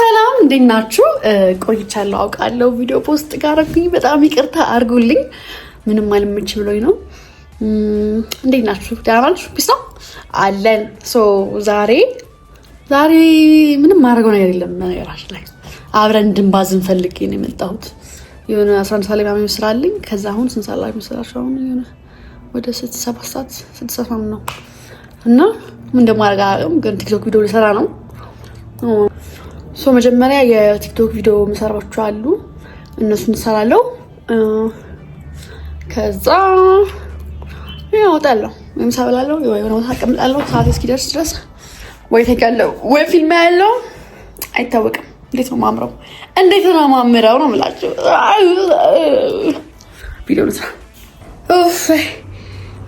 ሰላም እንዴት ናችሁ? ቆይቻለሁ አውቃለሁ። ቪዲዮ ፖስት ጋረብኝ በጣም ይቅርታ አድርጉልኝ። ምንም አልምች ብሎኝ ነው። እንዴት ናችሁ? ደህና ናችሁ? አለን። ዛሬ ዛሬ ምንም ማድረገው ነገር የለም። ነገራችን ላይ አብረን ነው የመጣሁት። የሆነ አስራ አንድ ሰዓት ላይ ምናምን ይመስላልኝ። ከዛ አሁን ስንት ሰዓት ላይ ይመስላችሁ? አሁን የሆነ ወደ ስድስት ሰዓት ስድስት ሰዓት ምናምን ነው እና ምን እንደማደርግ አላውቅም፣ ግን ቲክቶክ ቪዲዮ ልሰራ ነው። ሶ መጀመሪያ የቲክቶክ ቪዲዮ የምሰራቸው አሉ፣ እነሱን ትሰራለው። ከዛ እወጣለሁ ወይም ሳበላለሁ ወይ ሆነ ቦታ አቀምጣለሁ ሰዓት እስኪደርስ ድረስ ወይ ተጋለው ወይ ፊልም ያለው አይታወቅም። እንዴት ነው ማምረው? እንዴት ነው ማምረው ነው የምላቸው ቪዲዮ ልስራ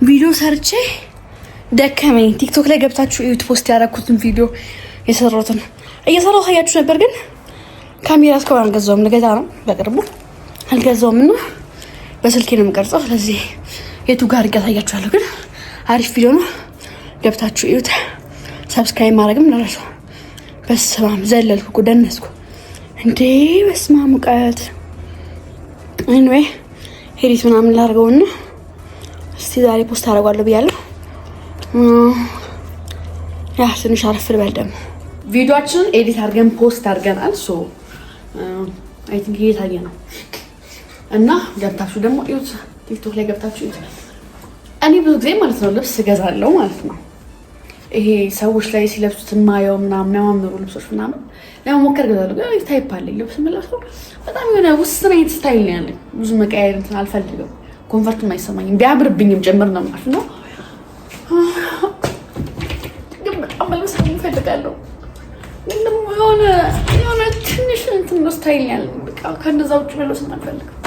ቪዲዮ ሰርቼ ደከመኝ። ቲክቶክ ላይ ገብታችሁ እዩት። ፖስት ያደረኩትን ቪዲዮ የሰሩትን እየሰራሁ ታያችሁ ነበር፣ ግን ካሜራ እስካሁን አልገዛውም። ልገዛ ነው በቅርቡ፣ አልገዛውም እና በስልኬ ነው የምቀርጸው። ስለዚህ የቱ ጋር እርግ ግን አሪፍ ቪዲዮ ነው። ገብታችሁ እዩት። ሰብስክራይብ ማድረግም ደረሱ። በስማም ዘለልኩ እኮ ደነስኩ እንዴ! በስማም ሙቀት። ኤኒዌይ ሄሪት ምናምን ላድርገውና እስቲ ዛሬ ፖስት አደርጓለሁ ብያለሁ። ያ ትንሽ አረፍ በልደም ቪዲዮችን ኤዲት አድርገን ፖስት አድርገናል። ሶ አይ ቲንክ እየታየ ነው እና ገብታችሁ ደግሞ ዩት ቲክቶክ ላይ ገብታችሁ ዩት። እኔ ብዙ ጊዜ ማለት ነው ልብስ እገዛለሁ ማለት ነው። ይሄ ሰዎች ላይ ሲለብሱት የማየው ምናምን የሚያማምሩ ልብሶች ምናምን ለመሞከር እገዛለሁ። ግን ታይፕ አለኝ ልብስ የምለብሰው በጣም የሆነ ውስን አይነት ስታይል ነው ያለኝ። ብዙ መቀያየር እንትን አልፈልግም። ኮንፈርትም አይሰማኝም ቢያምርብኝም ጭምር ነው ማለት ነው። ግን በጣም መልበስ እፈልጋለሁ። ግን ደግሞ የሆነ የሆነ ትንሽ እንትን ነው ስታይል ያለ በቃ ከነዛ ውጭ መልበስ አልፈልግም።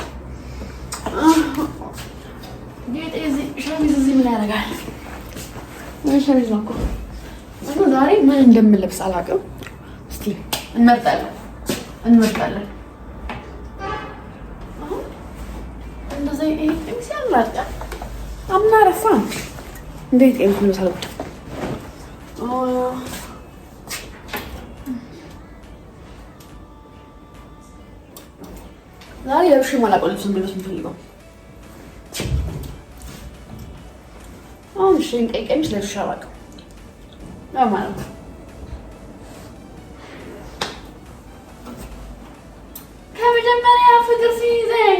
ሸሚዝ እዚህ ምን ያደርጋል? ሸሚዝ ነው እኮ ዛሬ ምን እንደምለብስ አላውቅም። እስኪ እንመርጣለን እንመርጣለን እንደዛ ይሄን ጊዜ አማርጣ ለብሽ ማላውቀው ልብስ መልበስ ቀይ ቀሚስ ለብሽ አላውቅም ከመጀመሪያ ፍቅር ሲይዘኝ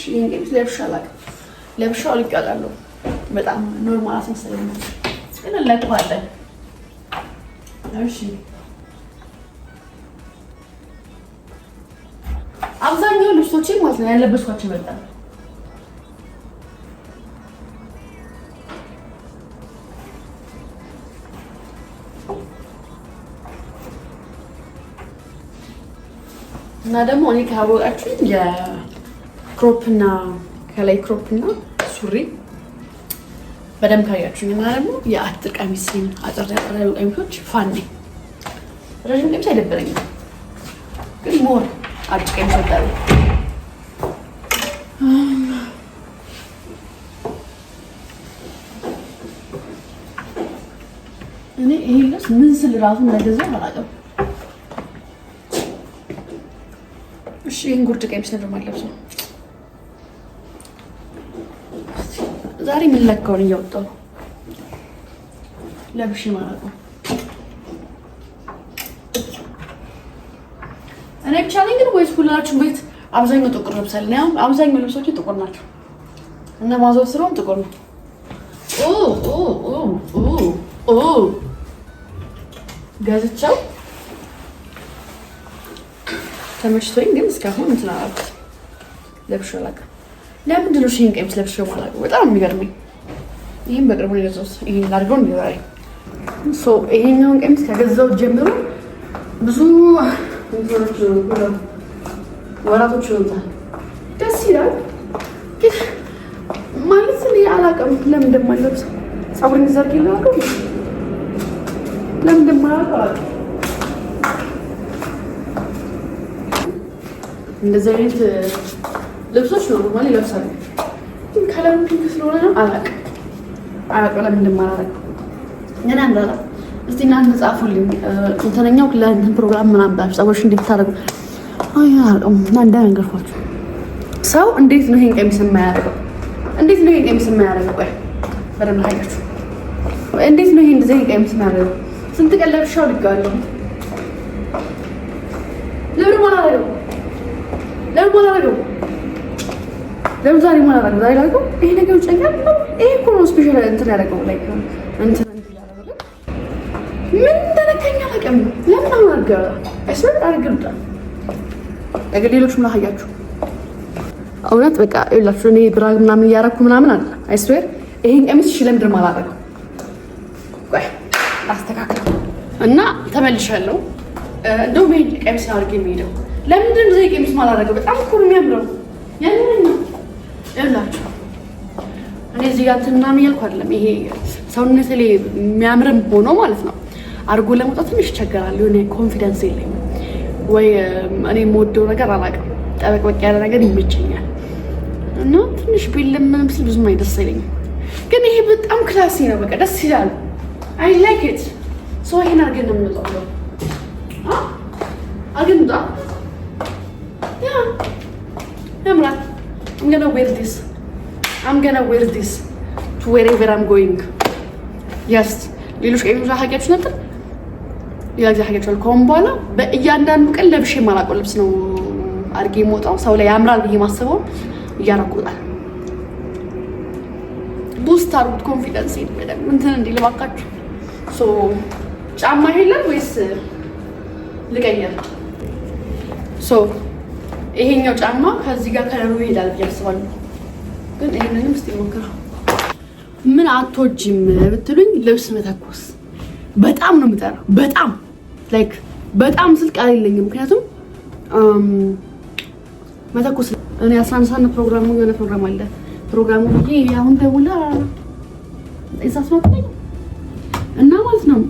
ሽንጌት ለብሻ አላውቅም። ለብሻው አልቀላለሁ በጣም ኖርማል አስመሰለኝ። እንለጥፋለን። እሺ አብዛኛው ልብሶቼ ማለት ነው ያለበስኳቸው በጣም እና ደግሞ እኔ ካወቃችሁ ክሮፕና ከላይ ክሮፕና ሱሪ በደንብ ካያችሁ እና ደግሞ የአጥር ቀሚስ አጠር ያጠረሉ ቀሚሶች ፋን ነኝ። ረዥም ቀሚስ አይደበረኝም፣ ግን ሞር አጭር ቀሚስ ወጣሉ። እኔ ይሄ ልብስ ምን ስል ራሱ እንደገዛው አላውቅም። እሺ ይህን ጉርድ ቀሚስ ነው ዛሬ የምንለካውን እያወጣሁ ነው ለብሼ ማለት ነው። እኔ ብቻ ነኝ ግን ወይስ ሁላችሁም ቤት አብዛኛው ጥቁር ለብሳል? ያው አብዛኛው ልብሶች ጥቁር ናቸው እና ማዞር ስለሆነ ጥቁር ነው። ኦ ኦ ኦ ኦ ኦ ገዝቻው ተመችቶኝ ግን እስካሁን እንትን አላልኩት ለብሼው ለምንድን ነው ይሄን ቀሚስ ለብሼ በጣም የሚገርመኝ? ይህም በቅርቡ የገዛሁት ይህን አድርገው ሶ ይሄኛውን ቀሚስ ከገዛው ጀምሮ ብዙ ወራቶች ይሆናል። ደስ ይላል ግን ማለት እኔ አላውቅም ለምን እንደማለብሰው ፀጉር እንዲዘርግ ይለዋል ለምን እንደማላውቅ እንደዚህ አይነት ልብሶች ኖርማል ይለብሳሉ። ግን ከለሩ ፒንክ ስለሆነ ነው አላውቅም አላውቅም ለምን እንደማላረግ ግን አንዳላ እስቲ እናንተ ጻፉልኝ። እንተነኛው ለእንትን ፕሮግራም ምናምን ብላችሁ ጸጉሮች እንዴት ታደርጉ አላውቅም እና እንዳነገርኳችሁ ሰው እንዴት ነው ይሄን ቀሚስ የማያደርገው? እንዴት ነው ይሄን ቀሚስ የማያደርገው? ቆይ በደምብ ላሳያችሁ። እንዴት ነው ይሄን እንደዚህ ቀሚስ የማያደርገው? ስንት ቀን ለብሻው አድርጌዋለሁ። ለምን አላደርገውም? ለምን አላደርገውም? ለምን ዛሬ ማን አደረገው? ዛሬ ላልኩ ይሄ ነገር ይጨኛል። ይሄ እኮ ነው ስፔሻል እንትን ያደረገው ላይ እንትን ምን ተነከኛ ለቀም ለምን አናገረ እስምን አርግልጣል እንግዲህ ሌሎች ምን አያችሁ? እውነት በቃ ይላችሁ እኔ ብራግ ምናምን እያረኩ ምናምን አለ አይስዌር ይሄን ቀሚስ እሺ፣ ለምድር ማላረገው ቆይ አስተካክለው እና ተመልሻለሁ። እንደውም ይሄን ቀሚስ አድርጌ የሚሄደው ለምንድን ነው? ይሄ ቀሚስ ማላረገው በጣም እኮ ነው የሚያምረው ያንን ነው ይላችሁ እኔ እዚህ ጋር እንትን ምናምን እያልኩ አይደለም። ይሄ ሰውነት ላይ የሚያምርም ሆኖ ማለት ነው አድርጎ ለመውጣት ትንሽ ይቸገራል። የሆነ ኮንፊደንስ የለኝም ወይ እኔ የምወደው ነገር አላውቅም። ጠበቅበቅ ያለ ነገር ይመቸኛል እና ትንሽ ቤልም ምንም ብዙም አይደስ ግን ይሄ በጣም ክላሲ ነው። በቃ ደስ ይላል። አይ ላይክ ኢት ሶ ይሄን አድርገን ነው የምንወጣው። አድርገን እንውጣ። ያምራል I'm gonna wear this. I'm gonna wear this to wherever I'm going. Yes. ሌሎች ቀይ ብዙ ሀቂያችሁ ነበር። ሌላ ጊዜ ሀቂያችኋል። ከሆን በኋላ በእያንዳንዱ ቀን ለብሼ የማላውቀው ልብስ ነው አድርጌ የምወጣው። ሰው ላይ ያምራል ብዬ ማስበው እያረቁጣል። ቡስት አድርጉት ኮንፊደንስ በደምብ እንትን እንዲህ ልባካችሁ። ጫማ የለም ወይስ ልቀየር? ይሄኛው ጫማ ከዚህ ጋር ከለሩ ይሄዳል ብዬ አስባለሁ። ግን ይሄንንም እስኪ ሞክረው። ምን አትወጂም ብትሉኝ ልብስ መተኮስ በጣም ነው የምጠራው። በጣም ላይክ በጣም ስል ቃል የለኝም። ምክንያቱም መተኮስ እኔ አሳንሳን አንድ ሰዓት ፕሮግራሙ የሆነ ፕሮግራም አለ ፕሮግራሙ ብዬ አሁን ደውላ ይዛስማትለኝ እና ማለት ነው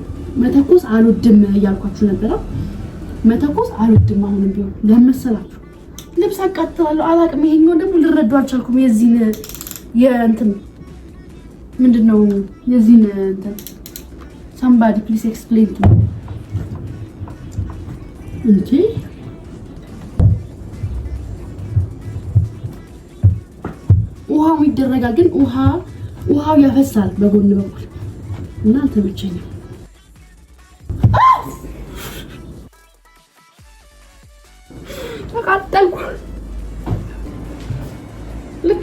መተኮስ አልወድም እያልኳችሁ ነበረ። መተኮስ አልወድም አሁንም ቢሆን ለመሰላችሁ ልብስ አቃጥላለሁ። አላቅም። ይሄኛው ደግሞ ልረዱ አልቻልኩም። የዚህን የእንትን ምንድን ነው የዚህን እንትን ሳምባዲ ፕሊስ ኤክስፕሌን ቱ እንጂ ውሃው ይደረጋል፣ ግን ውሃ ውሃው ያፈሳል በጎን በኩል እና አልተመቸኝም።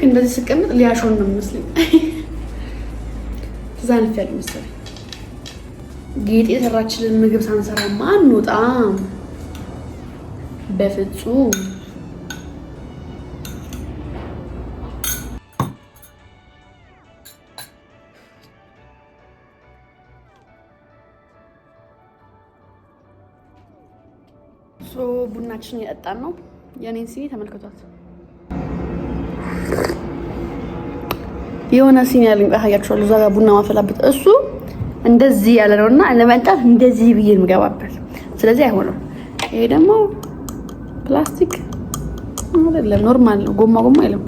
ልክ እንደዚህ ስቀምጥ ሊያሾን ነው የሚመስለኝ። ተዛንፍ ያለ መሰለኝ። ጌጥ የሰራችልን ምግብ ሳንሰራ ማን ወጣ? በፍጹም ቡናችን የጠጣን ነው። የኔን ሲኒ ተመልክቷት የሆነ ሲኒ ያለኝ ያሳያችኋለሁ። እዛ ጋር ቡና ማፈላበት እሱ እንደዚህ ያለ ነው እና ለመንጣት እንደዚህ ብዬ የምገባበት ስለዚህ አይሆንም። ይሄ ደግሞ ፕላስቲክ አይደለም፣ ኖርማል ነው። ጎማ ጎማ አይለም።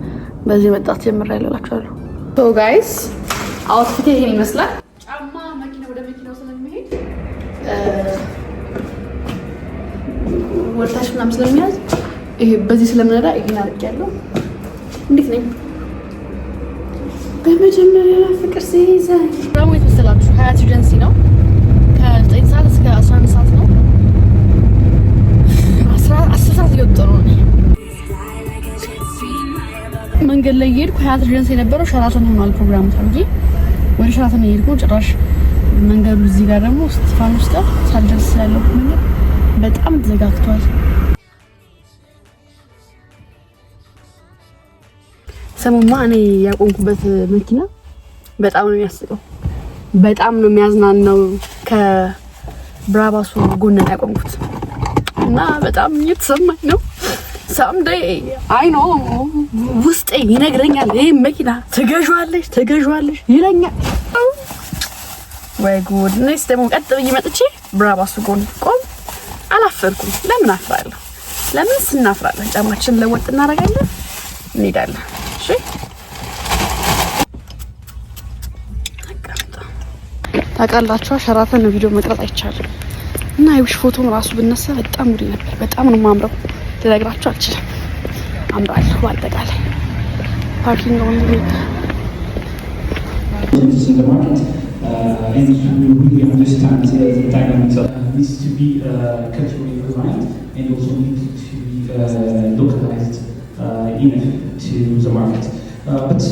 በዚህ መጣት ጀምር ያለላችኋለሁ። ሶ ጋይስ አውትፊት ይሄን ይመስላል። ጫማ መኪና ወደ መኪናው ስለሚሄድ ወርታሽ ምናምን ስለሚያዝ ይሄ በዚህ ስለምነዳ ይሄን አድርጌያለሁ። እንዴት ነኝ? በመጀመሪያ ፍቅር ሲይዘ ደግሞ የት ሀያት ኤጀንሲ ነው። ከ9 ሰዓት እስከ 11 ሰዓት ነው። 10 ሰዓት እየወጡ ነው። መንገድ ላይ እየሄድኩ ሀያት ኤጀንሲ የነበረው ሸራተን ሆኗል ፕሮግራሙ ተብዬ ወደ ሸራተን እየሄድኩ ጭራሽ መንገዱ እዚህ ጋር ደግሞ ስቲፋኖስ ጋር ሳልደርስ ያለሁ በጣም ተዘጋግቷል። ሰሞኑን እኔ ያቆምኩበት መኪና በጣም ነው የሚያስቀው፣ በጣም ነው የሚያዝናናው። ከብራባሱ ጎን ነው ያቆምኩት እና በጣም እየተሰማኝ ነው። ሳምዴ አይ ኖ ውስጤ ይነግረኛል፣ ይህ መኪና ትገዥዋለሽ፣ ትገዥዋለሽ ይለኛል። ወይ ጉድ! እኔስ ደግሞ ቀጥ ብዬ መጥቼ ብራባሱ ጎን ቆም አላፈርኩም። ለምን አፍራለሁ? ለምን ስናፍራለን? ጫማችን ለወጥ እናደርጋለን፣ እንሄዳለን። እሺ ታውቃላችሁ ሸራተን ቪዲዮ መቅረጥ አይቻልም እና የውሽ ፎቶም ራሱ ብነሳ በጣም ውድ ነበር። በጣም ነው የማምረው፣ ልነግራችሁ አልችልም። አምራል በአጠቃላይ ፓርኪንግ ወንድ ነው ሚት in uh, to the market. Uh, but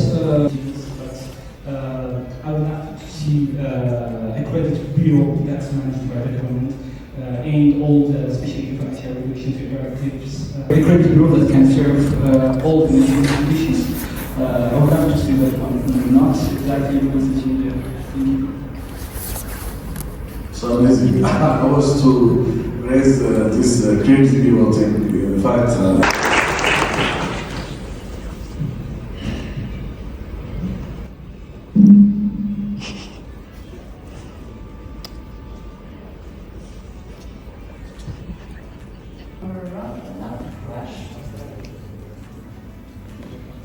uh, I would like to see a credit bureau that's managed by the government and all the special financial regulations and directives. a credit bureau that can serve all the national conditions. I would like to see that one, not exactly with the so amazing. I was to raise uh, this uh, creativity thing, in fact. Uh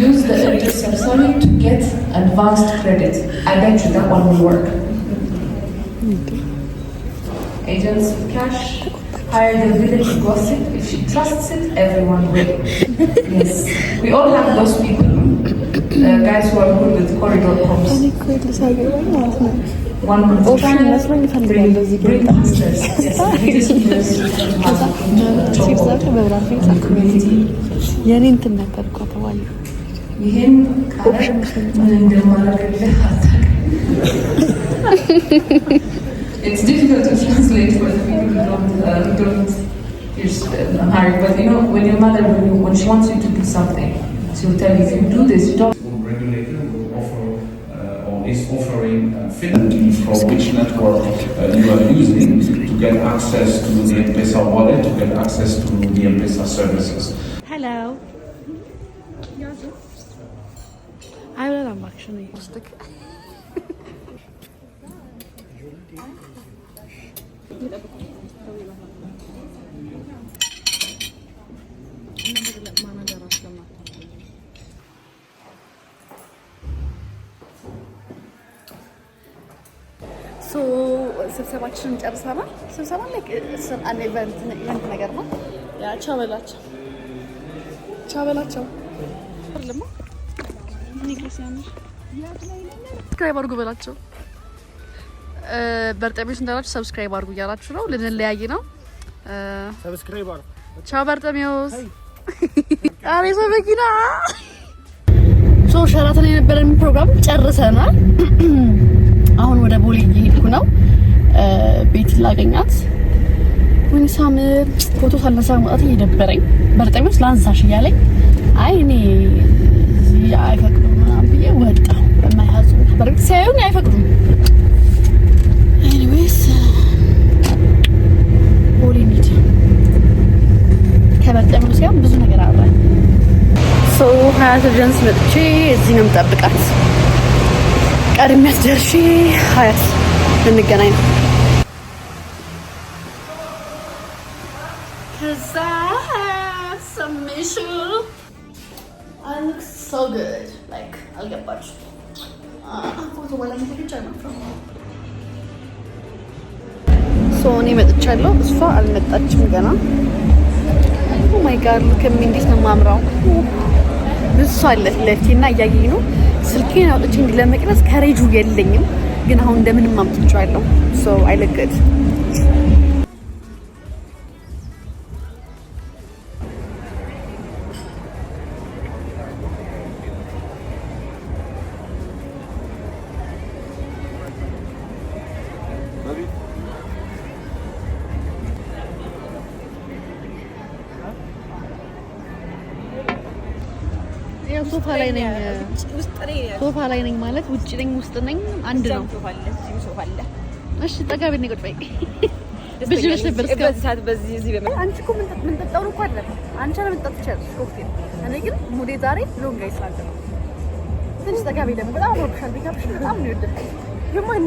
use the eraser sorry to get advanced credit. I bet you that one will work. Agents with cash hire the village gossip. If she trusts it, everyone will. yes, we all have those people. Uh, guys who are good with corridor prompts. One will try bring, bring masters. Yes, it is يعني انت اللي هتبقى طوالي it's difficult to translate for the people who don't, uh, who don't Amharic, but you know, when your mother, when, when she wants you to do something, she will tell you, if you do this, stop. regulator will offer uh, or is offering a uh, Finland for which network uh, you are using to get access to the m wallet, to get access to the m services. Hello. Şunu yapıştık. ስብሰባችንን ጨርሰናል። ስብሰባ ላይ አንድ ኢቨንት ነገር ነው። ያ ቻበላቸው ቻበላቸው ልማ ሲያምር ሰብስክራይብ አድርጉ በላቸው። በርጠሜዎስ እንዳላችሁ ሰብስክራይብ አድርጉ እያላችሁ ነው። ልንለያይ ነው። ሰብስክራይብ አድርጉ። ቻው በርጠሜዎስ። ኧረ ሰው መኪና ሶ ሸራተን የነበረን ፕሮግራም ጨርሰናል። አሁን ወደ ቦሌ እየሄድኩ ነው። ቤት ላገኛት ወይ ሳምር ፎቶ ሳልነሳ ማለት እየደበረኝ በርጠሜዎስ ላንሳሽ እያለኝ አይ እኔ እዚህ አይፈቅዱም ምናምን ብዬ ወጣ የማይያዙ በእርግጥ ሲያዩኝ አይፈቅዱም። ኤኒዌይስ ቦሌ እንሂድ ከበጠመው ሲሆን ብዙ ነገር አለ። ሶ ሀያት ኤጀንስ መጥቼ እዚህ ነው የምጠብቃት። ቀድሚያት ደርሼ ሀያት እንገናኝ ነው። ከዛ ሰሜሽን አይ እኔ መጥቻለሁ። እሷ አልመጣችም ገና። ማይ ጋር ልክም እንዴት ነው የማምራው። እሷ አለ ለቲ እና እያየኝ ነው። ስልኬን አውጥቼ እንዲ ለመቅረጽ ከሬጁ የለኝም፣ ግን አሁን እንደምንም አምጥቼዋለሁ። ሶ አይለገድ ያው ሶፋ ላይ ነኝ፣ ሶፋ ላይ ነኝ ማለት ውጭ ነኝ ውስጥ ነኝ አንድ ነው። እሺ ጠጋ ቤት ነው። ቁጭ በይ ብዙ ልጅ ነበር እስከ በዚህ ሰዓት በዚህ እዚህ በመ አንቺ እኮ ምን ጠጣው ነው አይደል? አንቺ አለ ምን ጠጥቻ ያለሽ ኮክቴል። እኔ ግን ሙዴ ዛሬ ሎንግ አይስላል ነው። ትንሽ ጠጋ ቤት ደግሞ በጣም ወርክሻል። ቢካፕሽ በጣም ነው ይወደድ ምንም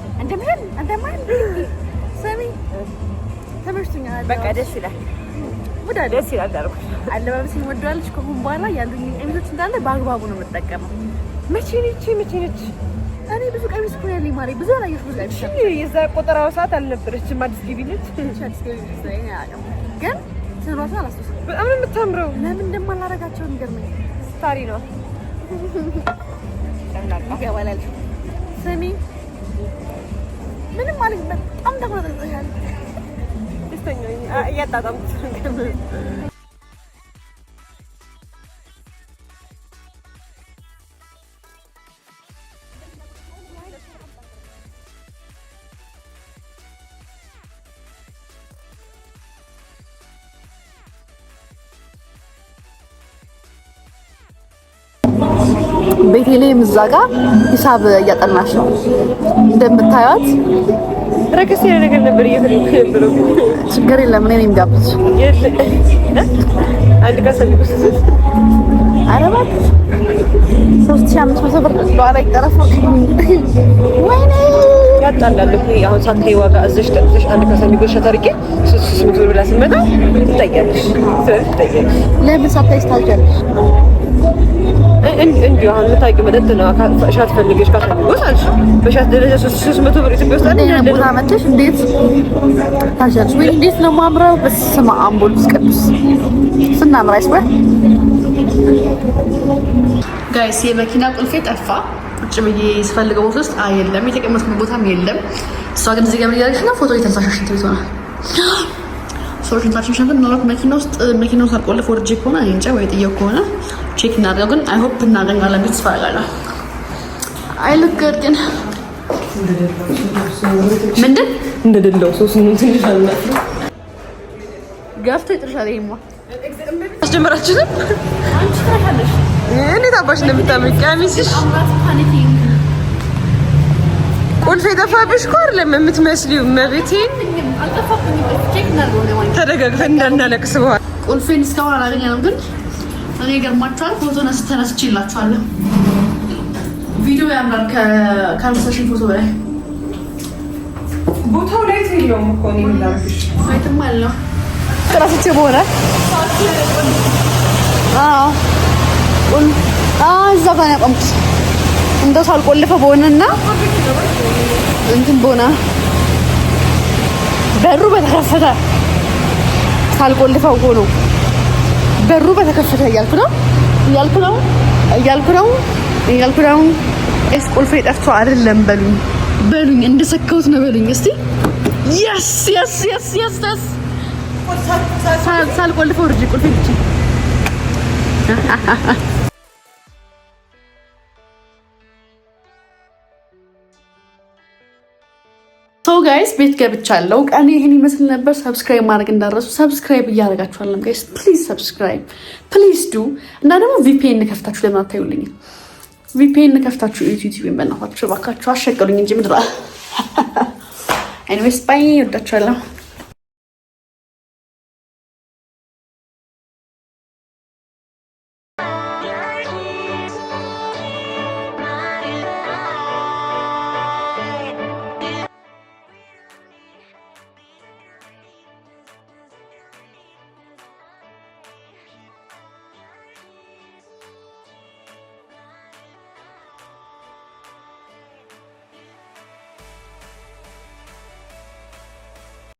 እንደምን እንደምን ሰሚ ተመችቶኛል። በቃ ደስ ይላል። ወዳ ደስ ይላል። ዳርኩ አለባበስን ወደዋለች። ከሁን በኋላ ያሉኝ ቀሚሶች እንዳለ በአግባቡ ነው የምጠቀመው። መቼ ነች መቼ ነች? እኔ ብዙ ቀሚስ እኮ ያለኝ ማርያም። ብዙ አላየሽ ብዙ ቀሚስ እሺ። የዛ ቆጠራው ሰዓት አልነበረችም። አዲስ ገቢ ነች። አዲስ ገቢ ግን ስራቷ አላስተሰ በጣም ነው የምታምረው። ለምን እንደማላረጋቸው የሚገርመኝ ስታሪ ነው። ይገባላል ስሚ ምንም ማለት በጣም ተቆጥጠኛል። ደስተኛ እያጣጣምኩ ቤቴሌም እዛ ጋር ሂሳብ እያጠናች ነው እንደምታዩት። ረከስ ያለ ነገር ነበር እየፈለኩ ችግር የለም እኔ እኔም ጋብዝ አንድ አረባት ሶስት ሺህ አምስት መቶ ብር በኋላ ይጠረፍ። ወይኔ ያጣላል እኮ አሁን ሳታይ ዋጋ እዚህ ደርሰሽ አንድ ከሰሚ ጎሽ ታርቂ ሶስት ሺህ ብላ ስመጣ ትጠያለሽ። ለምን ሳታይ ስታልጃለሽ እንዲሁ አሁን የምታውቂው መጠጥ ነው። ሻት ፈልገሽ ካፈልጎት አልሽ በሻት ደረጃ ሶስት መቶ ብር ኢትዮጵያ ውስጥ ቦታ መተሽ እንዴት ታሻለሽ? ወይ እንዴት ነው ማምረው? በስመ አብ ወወልድ ቅዱስ ስናምራ ይስበ ጋይስ የመኪና ቁልፌ ጠፋ። ቁጭ ብዬ ስፈልገው ቦታ ውስጥ የለም፣ የተቀመጥኩበት ቦታም የለም። እሷ ግን እዚህ ጋር ምን ነው? ፎቶ የተንሳሻሽ እንትን ቤት ሆናል ሰዎች ንታችን ሸንፍን ምናልባት መኪና ውስጥ መኪናውን ሳልቆልፍ ወርጄ ከሆነ እንጃ ወይ ጥየው ከሆነ ቼክ እናድርገው። ግን አይ ሆፕ እናገኛለን ቤት ስፋላለ አይልገር ግን ምንድን እንደደለው ምን ስምንት ይላል ገፍቶ ይጥርሻል። ይሄማ አስጀመራችንም እንዴት አባሽ እንደምታመቂ ቀሚስሽ ቁልፍ የጠፋብሽ እኮ አይደለም የምትመስሊው። መቤቴን ተደጋግፈን እንዳናለቅስ በኋላ ቁልፌን እስካሁን አላገኘንም ግን እኔ ይገርማችኋል፣ ፎቶ ተነስቼላችኋለሁ። ቪዲዮ ያምራል ከአንስተሽን ፎቶ በላይ ቦታው ላይ የለውም እኮ ላይትም አለው ቅረስቼ በሆነ እዛ ጋር ነው ያቆምኩት። እንደው ሳልቆልፈ በሆነና እንትን በሆነ በሩ በተከፈተ ሳልቆልፈው ሆኖ በሩ በተከፈተ እያልኩ ነው እያልኩ ነው እያልኩ ነው እያልኩ ነው። ኤስ ቁልፌ ጠፍቶ አይደለም በሉኝ በሉኝ፣ እንደሰካሁት ነው በሉኝ። እስቲ የስ የስ የስ የስ የስ ሳልቆልፈው ርጅ ቁልፌ ብቻ ጋይስ ቤት ገብቻለሁ። ቀኔ ይህን ይመስል ነበር። ሰብስክራይብ ማድረግ እንዳረሱ። ሰብስክራይብ እያደረጋችኋለም ጋይስ ፕሊዝ ሰብስክራይብ ፕሊዝ ዱ እና ደግሞ ቪፒኤን ከፍታችሁ ለምን አታዩልኝም? ቪፒኤን ከፍታችሁ ዩቲዩብ በናፋችሁ ባካችሁ አሸቀሉኝ እንጂ ምድራ ኤኒዌይስ ባይ ወዳችኋለሁ።